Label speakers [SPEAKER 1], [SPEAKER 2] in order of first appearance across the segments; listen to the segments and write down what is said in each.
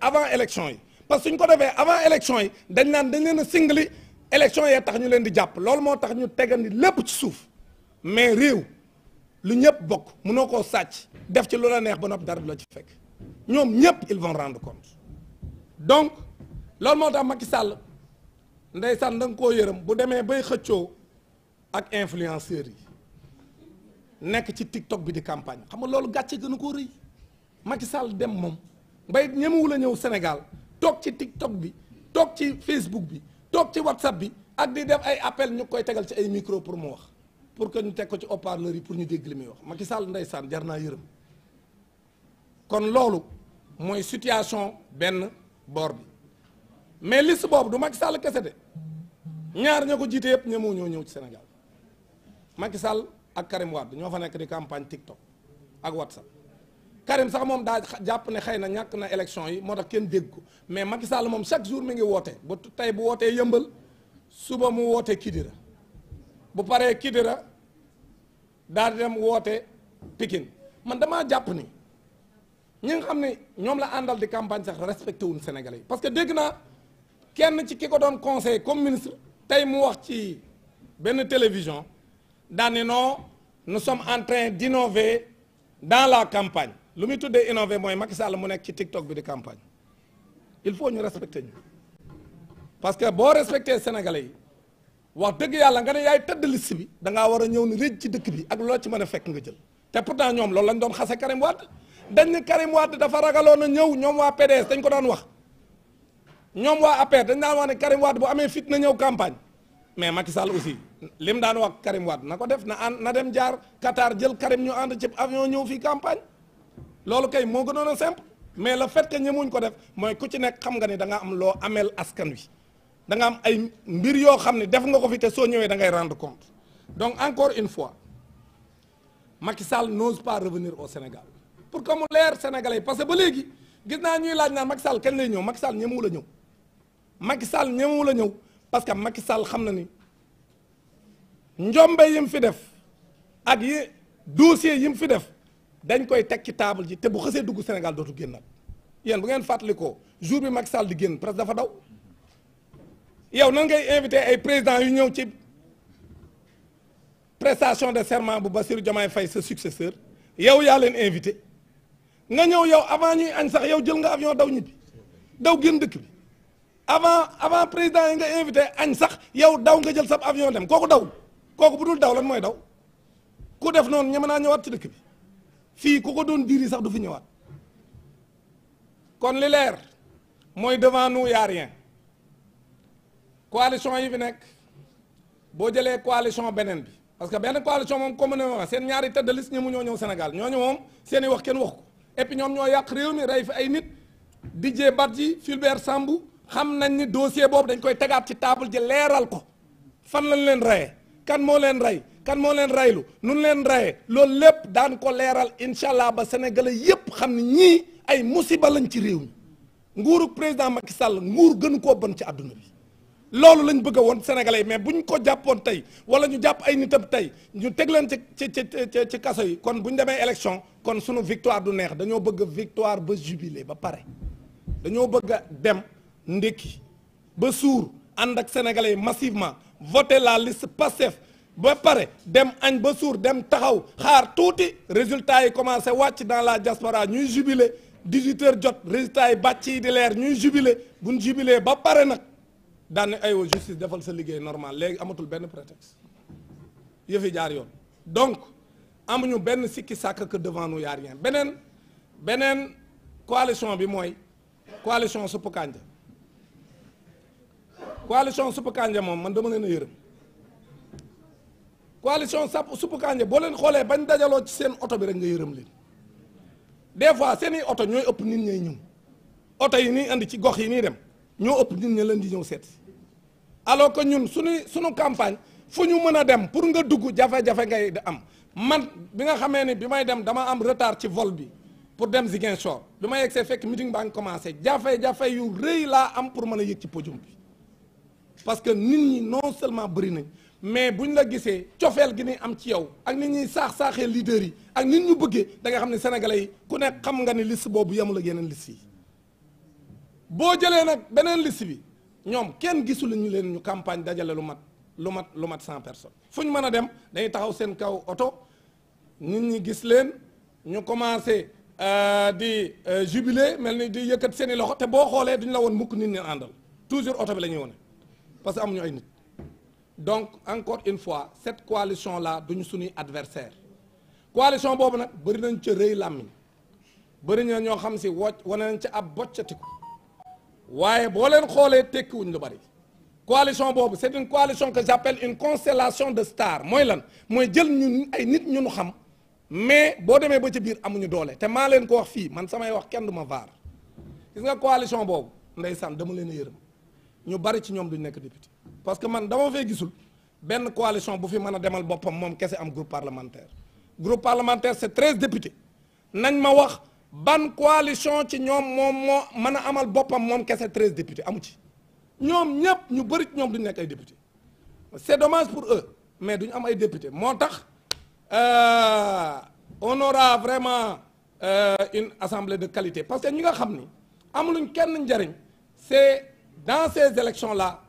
[SPEAKER 1] avant élection yi parce que suñ ko defee avant élection yi dañ naan dañ leen a singali élection yee tax ñu leen di jàpp loolu moo tax ñu tegandi lépp ci suuf mais réew lu ñëpp bokk munoo koo sàcc def ci lu la neex ba noppi dara du la ci fekk ñoom ñëpp ils vont rendre compte donc loolu moo tax Macky Sall ndeysaan da nga koo yërëm bu demee bay xëccoo ak influenceurs yi nekk ci TikTok bi di campagne xam nga loolu gàcce gën a koo rëy Macky Sall dem moom. Mbaye ñemewu la ñëw Sénégal toog ci TikTok bi toog ci Facebook bi toog ci WhatsApp bi ak di def ay appel ñu koy tegal ci ay micro pour mu wax pour que ñu teg ko ci haut-parleur yi pour ñu dégg li muy wax Macky Sall ndeysaan jar naa yërëm kon loolu mooy situation benn boor bi mais liste boobu du Macky Sall kese de ñaar ña ko jiite yëpp ñemewu ñoo ñëw ci Sénégal Macky Sall ak Karim Wade ñoo fa nekk di campagne TikTok ak WhatsApp. Karim sax moom daa jàpp ne xëy na ñàkk na élection yi moo tax kenn dégg ko mais Macky Sall moom chaque jour mi ngi woote ba tey bu wootee yëmbal suba mu wootee Kidira bu paree Kidira daal daa dem woote Pikine man damaa jàpp ni ñi nga xam ne ñoom la àndal di campagne sax respecté wuñ Sénégalais yi parce que dégg naa kenn ci ki ko doon conseil comme ministre tey mu wax ci benn télévision daane non nous some en train d'innover dans la campagne lu muy tuddee innové mooy Macky Sall mu nekk ci TikTok bi di campagne il faut ñu respecter ñu parce que boo respecté sénégalais yi wax dëgg yàlla nga ne yaay tëdd liste bi da ngaa war a ñëw ni rëj ci dëkk bi ak loo ci mën a fekk nga jël te pourtant ñoom loolu lañ doon xase Karim Wade dañ ne Karim dafa ragaloon na ñëw ñoom waa PDS dañ ko doon wax ñoom waa APR dañ daan wax ne Karim Wade bu amee fit na ñëw campagne mais Macky Sall aussi lim daan wax Karim Wade na ko def na ànd na dem jaar Qatar jël Karim ñu ànd ci avion ñëw fii campagne loolu kay moo gënoon a simple mais la fait que ñemuñ ko def mooy ku ci nekk xam nga ni danga am loo ameel askan wi danga am ay mbir yoo xam ne def nga ko fi te soo ñëwee da ngay rendre compte donc encore une fois Macky Sall n'ose pas revenir au Sénégal pour que mu leer Sénégalais yi parce que ba léegi gis naa ñuy laaj naa Macky Sall kañ lay ñëw Macky Sall ñemewu la ñëw Macky Sall ñemewu la ñëw parce que Macky Sall xam na ni njombe yi mu fi def ak yi dossier yi mu fi def. dañ koy teg ci table ji te bu xësee dugg Sénégal dootu génn génnaat yéen bu ngeen fàttalikoo jour bi mag Sall di génn presse dafa daw yow nan ngay invité ay président yu ñëw ci prestation de serment bu Bassirou Diomaye fay sa successeur yow yaa leen invité nga ñëw yow avant ñuy añ sax yow jël nga avion daw ñibbi daw génn dëkk bi avant avant président yi nga invité añ sax yow daw nga jël sa avion dem kooku daw kooku bu dul daw lan mooy daw ku def noonu ñeme naa ñëwaat ci dëkk bi. fii ku ko doon diri sax du fi ñëwaat kon li leer mooy devant nous y a rien coalition yi fi nekk boo jëlee coalition beneen bi parce que benn coalition moom comme ne ma seen ñaari tête de liste ñi mu ñoo ñëw Sénégal ñooñu moom seen wax kenn wax ko et ñoo yàq réew mi rey fi ay nit Didier Badji Fulbert Sambou xam nañ ni dossier boobu dañ koy tegaat ci table ji leeral ko fan lañ leen reyee kan moo leen rey kan moo leen raylu nun leen raye loolu lépp daan ko leeral incha allah ba sénégalais yépp xam ne ñii ay musiba lañ ci réew mi nguurug président Macky sàll nguur gënu koo bon ci àdduna bi loolu lañ bëgg woon sénégalais yi mais ñu ko jàppoon tey wala ñu jàpp ay nitam tey ñu teg leen ci ci ci ci kaso yi kon bu ñu demee élection kon sunu victoire du neex dañoo bëgg victoire ba jubilé ba pare dañoo bëgg a dem ndékki ba suur ànd ak sénégalais yi massivement voter la liste Pastef ba pare dem añ ba suur dem taxaw xaar tuuti résultat yi commencé wàcc dans la diaspora ñuy jubilé 18 jot résultat yi bàcc yi di leer ñuy jubilé buñ jubilé ba pare nag daan aywa justice defal sa liggéey normal léegi amatul benn prétexte yëfi jaar yoon donc amuñu benn sikki sàkk que devant nous y a beneen beneen coalition bi mooy coalition suppu kànja coalition suppu kànja moom man dama leen a yërëm coalition sap suppu kànja boo leen xoolee bañ dajaloo ci seen oto bi rek nga yërëm leen des fois seen oto ñooy ëpp nit ñay ñëw oto yi nii andi ci gox yi nii dem ñoo ëpp nit ña leen di ñëw seet alors que ñun suñuy suñu campagne fu ñu mën a dem pour nga dugg jafe-jafe ngay am man bi nga xamee ni bi may dem dama am retard ci vole bi pour dem Ziguinchor bi ma yegsee fekk meeting baa ngi commencé jafe-jafe yu rëy laa am pour mën a yëg ci podium bi parce que nit ñi non seulement bëri nañ mais bu ñu la gisee cofeel gi ni am ci yow ak nit ñuy saax saaxee leader yi ak nit ñu bëggee da nga xam ne sénégalais yi ku nekk xam nga ni liste boobu yemul ak yeneen liste yi boo jëlee nag beneen liste bi ñoom kenn gisul ñu leen ñu campagne dajale lu mat lu mat lu mat cent personne fu ñu mën a dem dañuy taxaw seen kaw oto nit ñi gis leen ñu commencé euh, di euh, jubilé mel ni di yëkkat seen i loxo te boo xoolee duñ la woon mukk nit ñi àndal toujours oto bi la ñuy parce que amuñu ay nit. donc encore une fois cette coalition laa duñu suñuy adversaire coalition boobu nag bëri nañ ca rëy làmmiñ bëri na ñoo xam si woo wane nañ ca ab boccatiku waaye boo leen xoolee tekkiwuñ lu bëri coalition boobu c'est une coalition que j'appelle une constellation de star mooy lan mooy jël ñun ay nit ñu nu xam mais boo demee ba ci biir amuñu doole te maa leen ko wax fii man samay wax kenn du ma vaar gis nga coalition boobu ndeysaan dama leen a yërëm ñu bari ci ñoom duñ nekk député parce que man dama fee gisul benn coalition bu fi mën a demal boppam moom kese am groupe parlementaire groupe parlementaire c'est treize députés nañ ma wax ban coalition ci ñoom moom moo mën a amal boppam moom kese treize députés amu ci ñoom ñëpp ñu bëri ñoom duñu nekk ay député c'est dommage pour eux mais duñu am ay député moo tax euh, on aura vraiment euh, une assemblée de qualité parce que ñi nga xam ni amuluñ kenn njariñ c'est dans ces élections la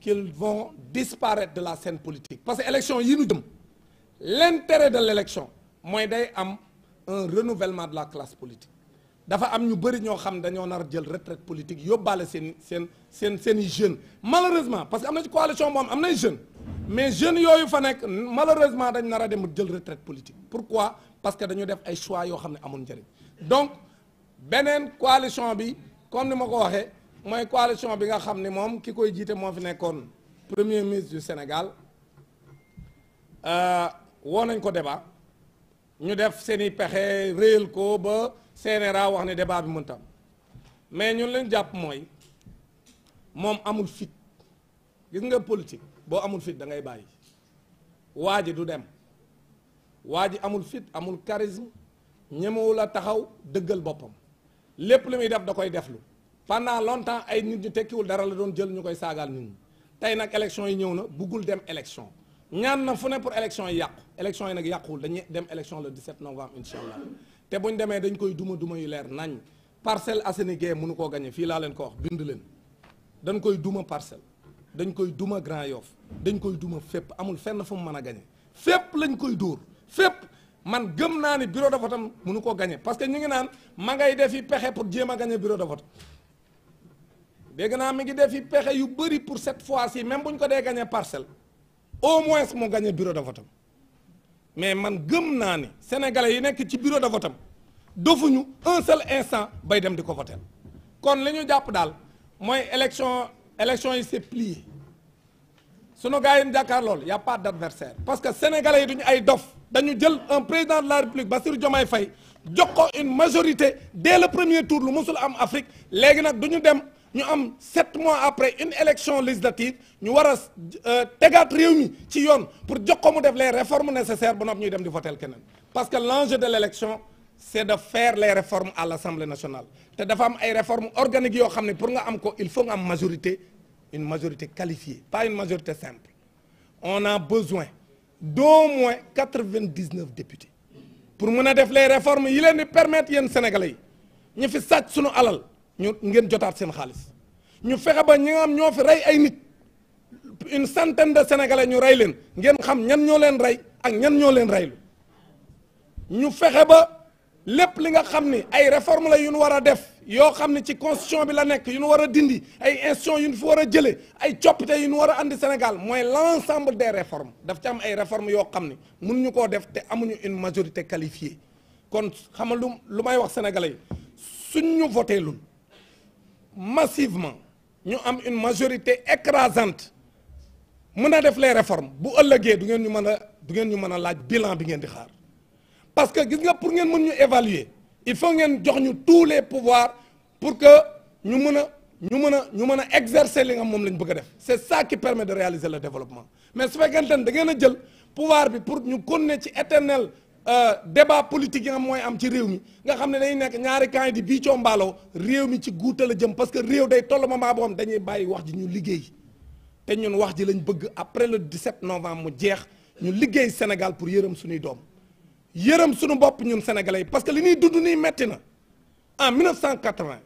[SPEAKER 1] qu'ils von disparaître de la scène politique parce que élection yi ñu jëm l'intérêt de l'élection mooy day am un renouvellement de la classe politique dafa am ñu bëri ñoo xam dañoo nar jël retraite politique yóbbaale seen seen seen seen i jeunes malheureusement parce que am na ci coalition moom am nay jeunes mais jeunes yooyu fa nekk malheureusement dañ nara a dem jël retraite politique pourquoi parce que dañu def ay choix yoo xam ne amul njëriñ donc beneen coalition bi comme ni ma ko waxee mooy coalition bi nga xam ni moom ki koy jiite moo fi nekkoon premier ministre du Sénégal euh, woo nañ ko débat ñu def seen pexe réel ko ba CNRA wax ne débat bi mun tam mais ñun leen jàpp mooy moom amul fit gis nga politique boo amul fit da ngay bàyyi waa ji du dem waa ji amul fit amul charisme ñemewul a taxaw dëggal boppam lépp lu muy def da koy deflu pendant longtemps ay nit ñu tekkiwul dara la doon jël ñu koy saagaal nit ñi tey nag élection yi ñëw na buggul dem élection ñaan na fu ne pour élection yi yàqu élection yi nag yàquwul dañuy dem élection le 17 novembre incha allah te buñ demee dañ koy duma duma yu leer nañ Parcelles Assainies Gueye mënu koo gañe fii laa leen ko wax bind leen dañ koy duma parcelle dañ koy duma Grand Yoff dañ koy duma fépp amul fenn fu mu mën a gañe fépp lañ koy dóor fépp man gëm naa ni bureau de vote am mënu koo gañe parce que ñu ngi naan ma ngay defi pexe jéem a gañe bureau vote dégg naa mi ngi def fi pexe yu bëri pour cette fois ci même bu ñu ko dee gagné parcelle au moins mu gagné bureau de vote am mais man gëm naa ni sénégalais yi nekk ci bureau de vote am dofuñu un seul instant bay dem di ko voter kon li ñu jàpp daal mooy élection élection yi c'est plié sunu gars yi ñu jàkkaar lool y d'adversaire parce que sénégalais yi duñu ay dof dañu jël un président de la république Bassirou Diomaye fay jox ko une majorité dès le premier tour lu musul am Afrique léegi nag duñu dem. ñu am sept mois après une élection législative ñu war a euh, tegaat réew mi ci yoon pour jox ko mu def les réformes nécessaires ba nopp ñuy dem di votel keneen parce que l'enjeu de l'élection c'est de faire les réformes à l'Assemblée nationale te dafa am ay réformes organiques yoo xam ne pour nga am ko il faut nga am majorité une majorité qualifiée pas une majorité simple on a besoin d'au moins quatre-vingt-dix-neuf députés pour mën a def les réformes yi leen di permettre yéen sénégalais ñu fi sàcc sunu alal ñu ngeen jotaat seen xaalis ñu fexe ba ñi nga xam ñoo fi rey ay nit une centaine de sénégalais ñu rey leen ngeen xam ñan ñoo leen rey ak ñan ñoo leen reylu ñu fexe ba lépp li nga xam ni ay réforme la yu ñu war a def yoo xam ne ci constitution bi la nekk yu ñu war a dindi ay institutions yu ñu fi war a jëlee ay coppite yu ñu war a andi Sénégal mooy l'ensemble de réformes daf ci am ay réformes yoo xam ne mënuñu koo def te amuñu une majorité qualifiée kon xamal lu lu may wax sénégalais suñ ñu voté lul massivement ñu am une majorité écrasante mën a def les réforme bu ëllëgee du ngeen ñu mën a du ngeen ñu mën a laaj bilan bi ngeen di xaar parce que gis nga pour ngeen mën ñu évaluer il faut ngeen jox ñu tous les pouvoirs pour que ñu mën a ñu mën a ñu mën a exercer li nga moom la ñu bëgg a def c'est ça qui permet de réaliser le développement mais su fekkente ne da ngeen a jël pouvoir bi pour ñu continuer ci éternel Euh, débat politique yi nga xam mooy am ci réew mi nga xam ne dañuy nekk ñaari camp di bii combaaloo réew mi ci guuta la jëm parce que réew day toll moment boo xam dañuy bàyyi wax ji ñu liggéey te ñun wax ji lañ bëgg après le 17 novembre mu jeex ñu liggéey Sénégal pour yërëm suñuy doom yërëm sunu bopp ñun sénégalais yi parce que li ñuy dund nii metti na en 1980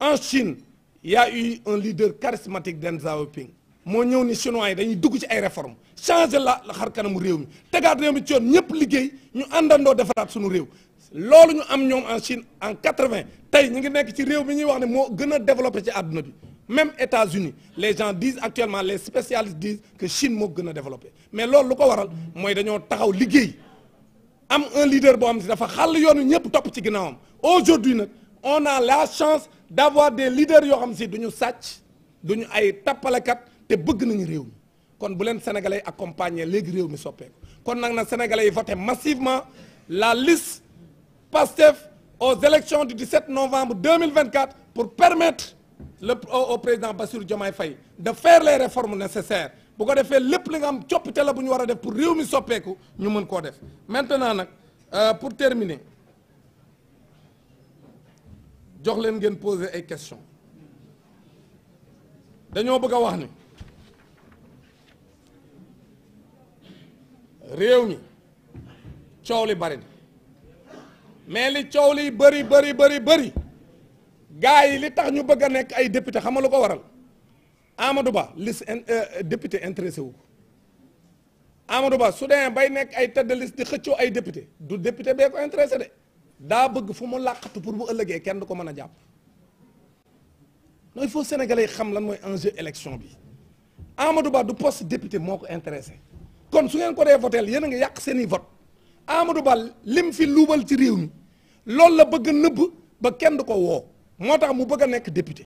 [SPEAKER 1] en Chine y a eu un leader charismatique Deng Xiaoping moo ñëw ni chinois yi dañuy dugg ci ay réforme changer la xar kanamu réew mi tegaat réew mi ci yoon ñëpp liggéey ñu àndandoo defaraat suñu réew loolu ñu am ñoom en Chine en quatre-vingt tey ñu ngi nekk ci réew mi ñuy wax ne moo gën a développé ci àdduna bi même États-Unis les gens disent actuellement les spécialistes disent que Chine moo gën a développé mais loolu lu ko waral mooy dañoo taxaw liggéey am un leader boo xam ne dafa xàll yoonu ñëpp topp ci ginnaawam aujourd'hui nag on a la chance d'avoir des leaders yoo xam si duñu sàcc duñu ay tappalekat te bëgg nañu réew mi kon bu leen sénégalais yi accompagner léegi réew mi soppeeku kon nag na sénégalais yi voté massivement la liste PASTEF aux élections du 17 novembre 2024 pour permettre le au président Bassirou Diomaye Faye de faire les réformes nécessaires bu ko defee lépp li nga am coppite la bu ñu war a def pour réew mi soppeeku ñu mën koo def maintenant nag euh, pour terminer jox leen ngeen poser ay questions dañoo bëgg a wax ni réew mi coow li bari na mais li coow liy bëri bëri bëri bëri gars yi li tax ñu bëgg a nekk ay député xam nga lu ko waral Amadou Ba liste euh, euh, député intéressé wu ko Amadou su dee bay nekk ay tête de liste di xëccoo ay député du député bee ko intéressé de daa bëgg fu mu làqatu pour bu ëllëgee kenn du ko mën a jàpp non foo faut xam lan mooy enjeu élection bi Amadou Ba du poste député moo ko intéressé kon su ngeen ko dee votel yéen ngi yàq seeni i vote Amadou Ba lim fi luubal ci réew mi loolu la bëgg a nëbb ba kenn du ko woo moo tax mu bëgg a nekk député